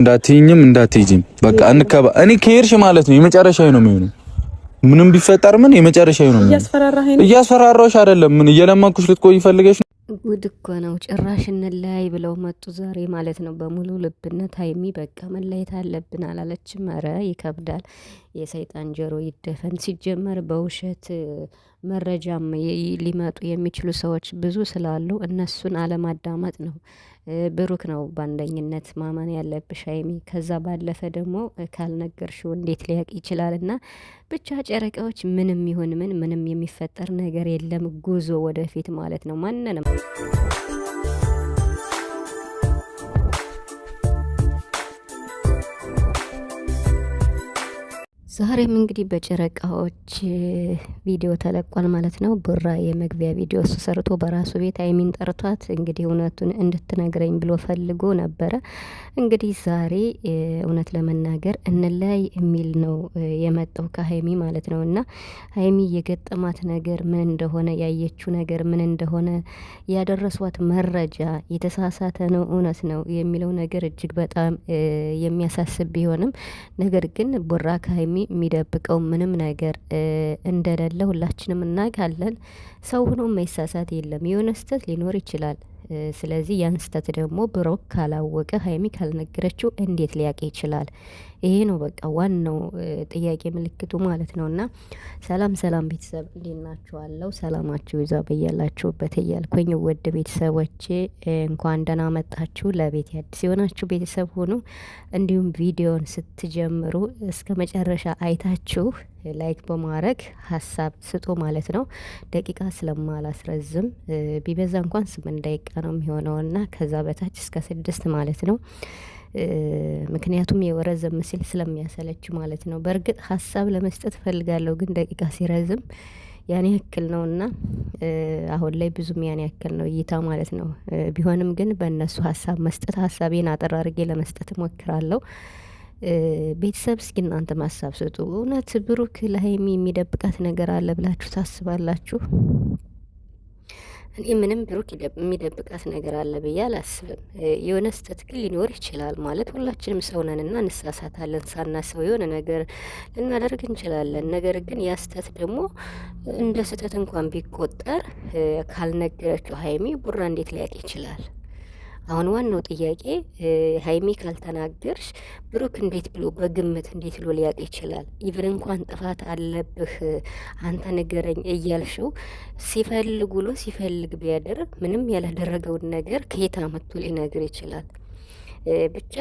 እንዳትይኝም እንዳትይጂም በቃ እንከባ እኔ ከሄድሽ ማለት ነው የመጨረሻዬ ነው የሚሆነው። ምንም ቢፈጠር ምን የመጨረሻዬ ነው የሚሆነው። እያስፈራራሁሽ አይደለም። ምን እየለመንኩሽ ልትቆይ ይፈልገሽ ነው። ጉድ እኮ ነው። ጭራሽ እንለያይ ብለው መጡ ዛሬ ማለት ነው። በሙሉ ልብነት ሀይሚ በቃ መለየት አለብን አላለችም። ኧረ ይከብዳል። የሰይጣን ጆሮ ይደፈን። ሲጀመር በውሸት መረጃም ሊመጡ የሚችሉ ሰዎች ብዙ ስላሉ እነሱን አለማዳመጥ ነው። ብሩክ ነው በአንደኝነት ማመን ያለብሽ ሀይሚ። ከዛ ባለፈ ደግሞ ካልነገርሽው እንዴት ሊያቅ ይችላል? እና ብቻ ጨረቃዎች፣ ምንም ይሁን ምን ምንም የሚፈጠር ነገር የለም። ጉዞ ወደፊት ማለት ነው ማንንም ዛሬም እንግዲህ በጨረቃዎች ቪዲዮ ተለቋል ማለት ነው። ቡራ የመግቢያ ቪዲዮ እሱ ሰርቶ በራሱ ቤት አይሚን ጠርቷት እንግዲህ እውነቱን እንድትነግረኝ ብሎ ፈልጎ ነበረ። እንግዲህ ዛሬ እውነት ለመናገር እንላይ የሚል ነው የመጣው ከሀይሚ ማለት ነው። እና ሀይሚ የገጠማት ነገር ምን እንደሆነ ያየችው ነገር ምን እንደሆነ ያደረሷት መረጃ የተሳሳተ ነው እውነት ነው የሚለው ነገር እጅግ በጣም የሚያሳስብ ቢሆንም ነገር ግን ቡራ ከሀይሚ የሚደብቀው ምንም ነገር እንደሌለ ሁላችንም እናውቃለን። ሰው ሆኖ መሳሳት የለም። የሆነ ስህተት ሊኖር ይችላል። ስለዚህ ያን ስህተት ደግሞ ብሮክ ካላወቀ ሀይሚ ካልነገረችው እንዴት ሊያውቅ ይችላል? ይሄ ነው በቃ ዋናው ጥያቄ ምልክቱ ማለት ነው። እና ሰላም ሰላም ቤተሰብ እንዴት ናችኋለሁ? ሰላማችሁ ይዛ በያላችሁበት እያልኩኝ ውድ ቤተሰቦቼ እንኳን ደህና መጣችሁ። ለቤት አዲስ የሆናችሁ ቤተሰብ ሆኑ። እንዲሁም ቪዲዮን ስትጀምሩ እስከ መጨረሻ አይታችሁ ላይክ በማድረግ ሀሳብ ስጡ ማለት ነው። ደቂቃ ስለማላስረዝም ቢበዛ እንኳን ስምንት ደቂቃ ነው የሚሆነውና ከዛ በታች እስከ ስድስት ማለት ነው። ምክንያቱም የረዘም ሲል ስለሚያሰለች ማለት ነው። በእርግጥ ሀሳብ ለመስጠት እፈልጋለሁ ግን ደቂቃ ሲረዝም ያን ያክል ነው እና አሁን ላይ ብዙም ያን ያክል ነው እይታ ማለት ነው። ቢሆንም ግን በእነሱ ሀሳብ መስጠት ሀሳቤን አጠር አድርጌ ለመስጠት እሞክራለሁ። ቤተሰብ እስኪ እናንተ ሀሳብ ስጡ። እውነት ብሩክ ለሀይሚ የሚደብቃት ነገር አለ ብላችሁ ታስባላችሁ? እኔ ምንም ብሩክ የሚደብቃት ነገር አለ ብዬ አላስብም። የሆነ ስህተት ግን ሊኖር ይችላል ማለት ሁላችንም ሰው ነንና እንሳሳታለን። ሰው የሆነ ነገር ልናደርግ እንችላለን። ነገር ግን ያ ስህተት ደግሞ እንደ ስህተት እንኳን ቢቆጠር ካልነገረችው ሀይሚ ቡራ እንዴት ሊያውቅ ይችላል? አሁን ዋናው ጥያቄ ሀይሚ ካልተናገርሽ ብሩክ እንዴት ብሎ በግምት እንዴት ብሎ ሊያውቅ ይችላል? ኢቭን እንኳን ጥፋት አለብህ አንተ ንገረኝ እያልሽው ሲፈልግ ውሎ ሲፈልግ ቢያደርግ ምንም ያላደረገውን ነገር ከየት አመቱ ሊነግር ይችላል? ብቻ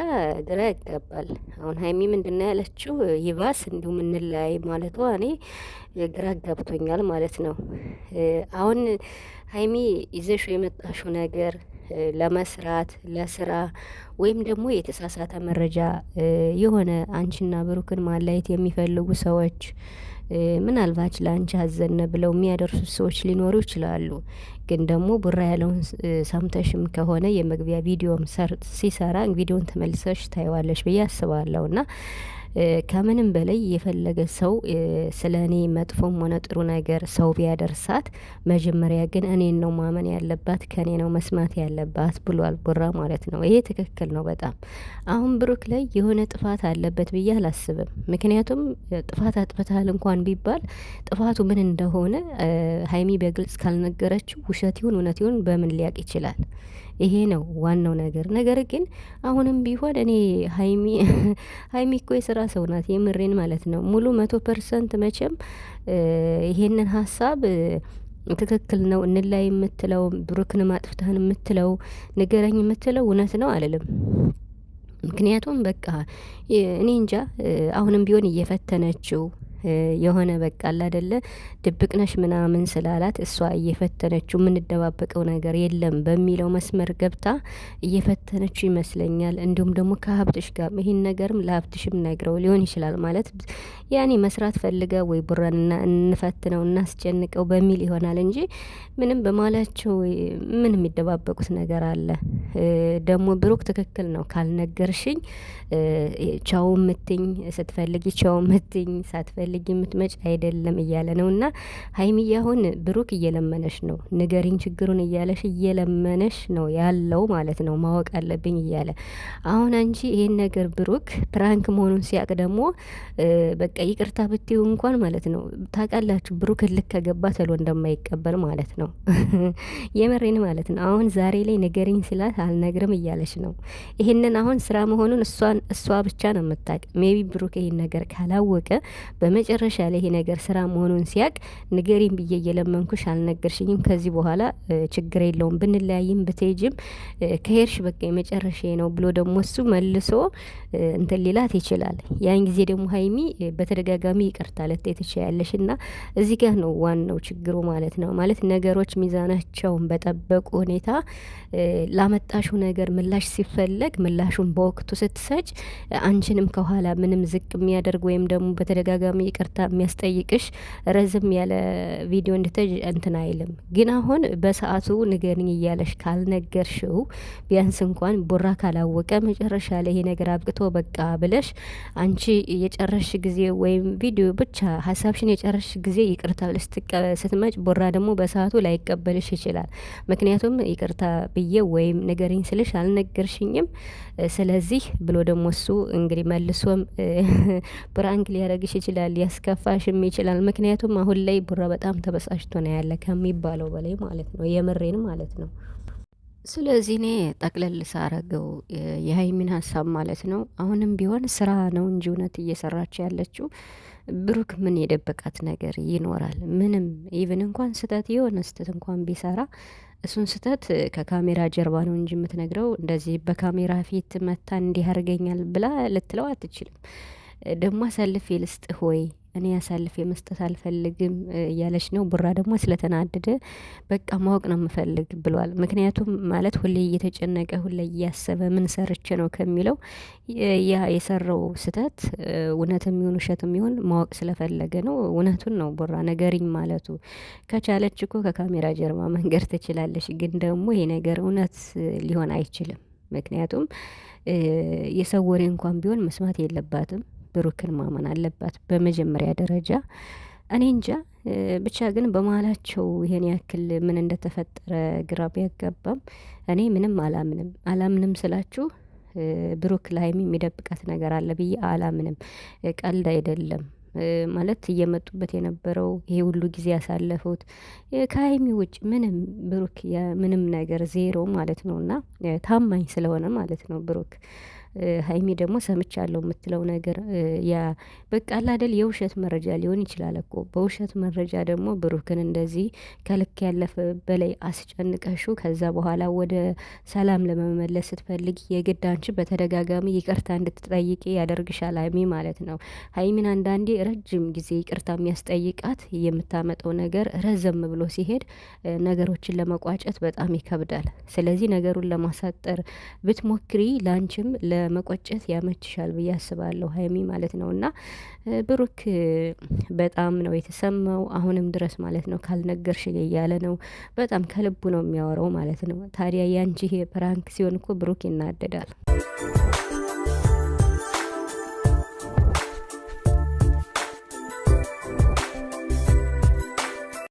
ግራ ያጋባል። አሁን ሀይሚ ምንድነው ያለችው? ይባስ እንዲሁም እንለያይ ማለቷ እኔ ግራ ጋብቶኛል ማለት ነው። አሁን ሀይሚ ይዘሽው የመጣሽው ነገር ለመስራት ለስራ ወይም ደግሞ የተሳሳተ መረጃ የሆነ አንቺና ብሩክን ማላየት የሚፈልጉ ሰዎች ምናልባት ለአንቺ አዘነ ብለው የሚያደርሱት ሰዎች ሊኖሩ ይችላሉ። ግን ደግሞ ቡራ ያለውን ሰምተሽም ከሆነ የመግቢያ ቪዲዮም ሲሰራ ቪዲዮን ተመልሰሽ ታይዋለሽ ብዬ አስባለሁ ና ከምንም በላይ የፈለገ ሰው ስለ እኔ መጥፎም ሆነ ጥሩ ነገር ሰው ቢያደርሳት መጀመሪያ ግን እኔን ነው ማመን ያለባት ከእኔ ነው መስማት ያለባት ብሏል ቡራ ማለት ነው። ይሄ ትክክል ነው በጣም አሁን ብሩክ ላይ የሆነ ጥፋት አለበት ብዬ አላስብም። ምክንያቱም ጥፋት አጥፍተሃል እንኳን ቢባል ጥፋቱ ምን እንደሆነ ሀይሚ በግልጽ ካልነገረችው ውሸት ይሁን እውነት ይሁን በምን ሊያቅ ይችላል? ይሄ ነው ዋናው ነገር። ነገር ግን አሁንም ቢሆን እኔ ሀይሚ ሀይሚ እኮ የስራ ሰው ናት፣ የምሬን ማለት ነው። ሙሉ መቶ ፐርሰንት መቼም ይሄንን ሀሳብ ትክክል ነው እንላይ የምትለው ብሩክን ማጥፍትህን የምትለው ንገረኝ የምትለው እውነት ነው አልልም። ምክንያቱም በቃ እኔ እንጃ አሁንም ቢሆን እየፈተነችው የሆነ በቃል አደለ ድብቅነሽ ምናምን ስላላት እሷ እየፈተነችው የምንደባበቀው ነገር የለም በሚለው መስመር ገብታ እየፈተነችው ይመስለኛል። እንዲሁም ደግሞ ከሀብትሽ ጋር ይህን ነገርም ለሀብትሽም ነግረው ሊሆን ይችላል ማለት ያኔ መስራት ፈልገ ወይ ቡረንና እንፈትነው እናስጨንቀው በሚል ይሆናል እንጂ ምንም በማላቸው ምን የሚደባበቁት ነገር አለ? ደግሞ ብሩክ ትክክል ነው ካልነገርሽኝ ቻው ምትኝ ስትፈልጊ ቻው ምትኝ ሳትፈልጊ ፈልጌ የምትመጭ አይደለም እያለ ነው እና ሀይሚዬ አሁን ብሩክ እየለመነሽ ነው፣ ንገሪኝ ችግሩን እያለሽ እየለመነሽ ነው ያለው ማለት ነው። ማወቅ አለብኝ እያለ አሁን አንቺ ይሄን ነገር ብሩክ ፕራንክ መሆኑን ሲያቅ ደግሞ በቃ ይቅርታ ብትይው እንኳን ማለት ነው ታውቃላችሁ፣ ብሩክ ልክ ከገባ ተሎ እንደማይቀበል ማለት ነው። የመሬን ማለት ነው። አሁን ዛሬ ላይ ንገሪኝ ስላት አልነግርም እያለች ነው። ይሄንን አሁን ስራ መሆኑን እሷ ብቻ ነው የምታውቅ። ሜቢ ብሩክ ይሄን ነገር ካላወቀ በመ መጨረሻ ላይ ይሄ ነገር ስራ መሆኑን ሲያቅ ንገሪም ብዬ እየለመንኩሽ አልነገርሽኝም። ከዚህ በኋላ ችግር የለውም ብንለያይም ብትጅም ከሄድሽ በቃ የመጨረሻ ነው ብሎ ደግሞ እሱ መልሶ እንትን ሊላት ይችላል። ያን ጊዜ ደግሞ ሀይሚ በተደጋጋሚ ይቅርታ ልትይ ትችያለሽ። እና እዚህ ጋር ነው ዋናው ችግሩ ማለት ነው። ማለት ነገሮች ሚዛናቸውን በጠበቁ ሁኔታ ላመጣሹ ነገር ምላሽ ሲፈለግ ምላሹን በወቅቱ ስትሰጭ አንቺንም ከኋላ ምንም ዝቅ የሚያደርግ ወይም ደግሞ በተደጋጋሚ ይቅርታ የሚያስጠይቅሽ ረዝም ያለ ቪዲዮ እንድተጅ እንትን አይልም። ግን አሁን በሰዓቱ ንገርኝ እያለሽ ካልነገርሽው ቢያንስ እንኳን ቦራ ካላወቀ መጨረሻ ላይ ይሄ ነገር አብቅቶ በቃ ብለሽ አንቺ የጨረሽ ጊዜ ወይም ቪዲዮ ብቻ ሀሳብሽን የጨረሽ ጊዜ ይቅርታ ብለሽ ስትመጭ ቦራ ደግሞ በሰዓቱ ላይቀበልሽ ይችላል። ምክንያቱም ይቅርታ ብዬ ወይም ንገሪኝ ስልሽ አልነገርሽኝም ስለዚህ ብሎ ደግሞ እሱ እንግዲህ መልሶም ፕራንክ ሊያደርግሽ ይችላል። ሊያስከፋሽም ይችላል። ምክንያቱም አሁን ላይ ቡራ በጣም ተበሳጭቶ ነው ያለ ከሚባለው በላይ ማለት ነው። የምሬን ማለት ነው። ስለዚህ እኔ ጠቅለል ሳረገው የሀይሚን ሀሳብ ማለት ነው። አሁንም ቢሆን ስራ ነው እንጂ እውነት እየሰራች ያለችው ብሩክ ምን የደበቃት ነገር ይኖራል? ምንም ኢቭን እንኳን ስህተት የሆነ ስህተት እንኳን ቢሰራ እሱን ስህተት ከካሜራ ጀርባ ነው እንጂ የምትነግረው እንደዚህ በካሜራ ፊት መታ እንዲህ ያርገኛል ብላ ልትለው አትችልም። Eh, ደግሞ አሳልፍ ልስጥህ ወይ እኔ አሳልፌ መስጠት አልፈልግም eh, እያለች ነው። ቡራ ደግሞ ስለተናደደ በቃ ማወቅ ነው የምፈልግ ብሏል። ምክንያቱም ማለት ሁሌ እየተጨነቀ ሁሌ እያሰበ ምን ሰርቼ ነው ከሚለው ያ የሰራው ስህተት eh, እውነት የሚሆን ውሸት የሚሆን ማወቅ ስለፈለገ ነው። እውነቱን ነው ቡራ ነገርኝ ማለቱ። ከቻለች እኮ ከካሜራ ጀርባ መንገድ ትችላለች፣ ግን ደግሞ ይሄ ነገር እውነት ሊሆን አይችልም። ምክንያቱም የሰው ወሬ እንኳን ቢሆን መስማት የለባትም። ብሩክን ማመን አለባት በመጀመሪያ ደረጃ። እኔ እንጃ ብቻ ግን በመሀላቸው ይሄን ያክል ምን እንደተፈጠረ ግራ ቢያጋባም እኔ ምንም አላምንም። አላምንም ስላችሁ ብሩክ ላይም የሚደብቃት ነገር አለ ብዬ አላምንም። ቀልድ አይደለም ማለት እየመጡበት የነበረው ይሄ ሁሉ ጊዜ ያሳለፉት ከሀይሚ ውጭ ምንም ብሩክ ምንም ነገር ዜሮ ማለት ነው እና ታማኝ ስለሆነ ማለት ነው ብሩክ ሀይሚ ደግሞ ሰምቻለሁ የምትለው ነገር ያ በቃ አይደል የውሸት መረጃ ሊሆን ይችላል እኮ። በውሸት መረጃ ደግሞ ብሩክን እንደዚህ ከልክ ያለፈ በላይ አስጨንቀሹ ከዛ በኋላ ወደ ሰላም ለመመለስ ስትፈልግ የግድ አንቺ በተደጋጋሚ ይቅርታ እንድትጠይቂ ያደርግሻል ሀይሚ ማለት ነው። ሀይሚን አንዳንዴ ረጅም ጊዜ ይቅርታ የሚያስጠይቃት የምታመጠው ነገር ረዘም ብሎ ሲሄድ ነገሮችን ለመቋጨት በጣም ይከብዳል። ስለዚህ ነገሩን ለማሳጠር ብትሞክሪ ላንቺም ለ ለመቆጨት ያመችሻል ብዬ አስባለሁ ሀይሚ ማለት ነው። እና ብሩክ በጣም ነው የተሰማው አሁንም ድረስ ማለት ነው። ካልነገርሽኝ እያለ ነው በጣም ከልቡ ነው የሚያወራው ማለት ነው። ታዲያ ያንቺ ፕራንክ ሲሆን እኮ ብሩክ ይናደዳል።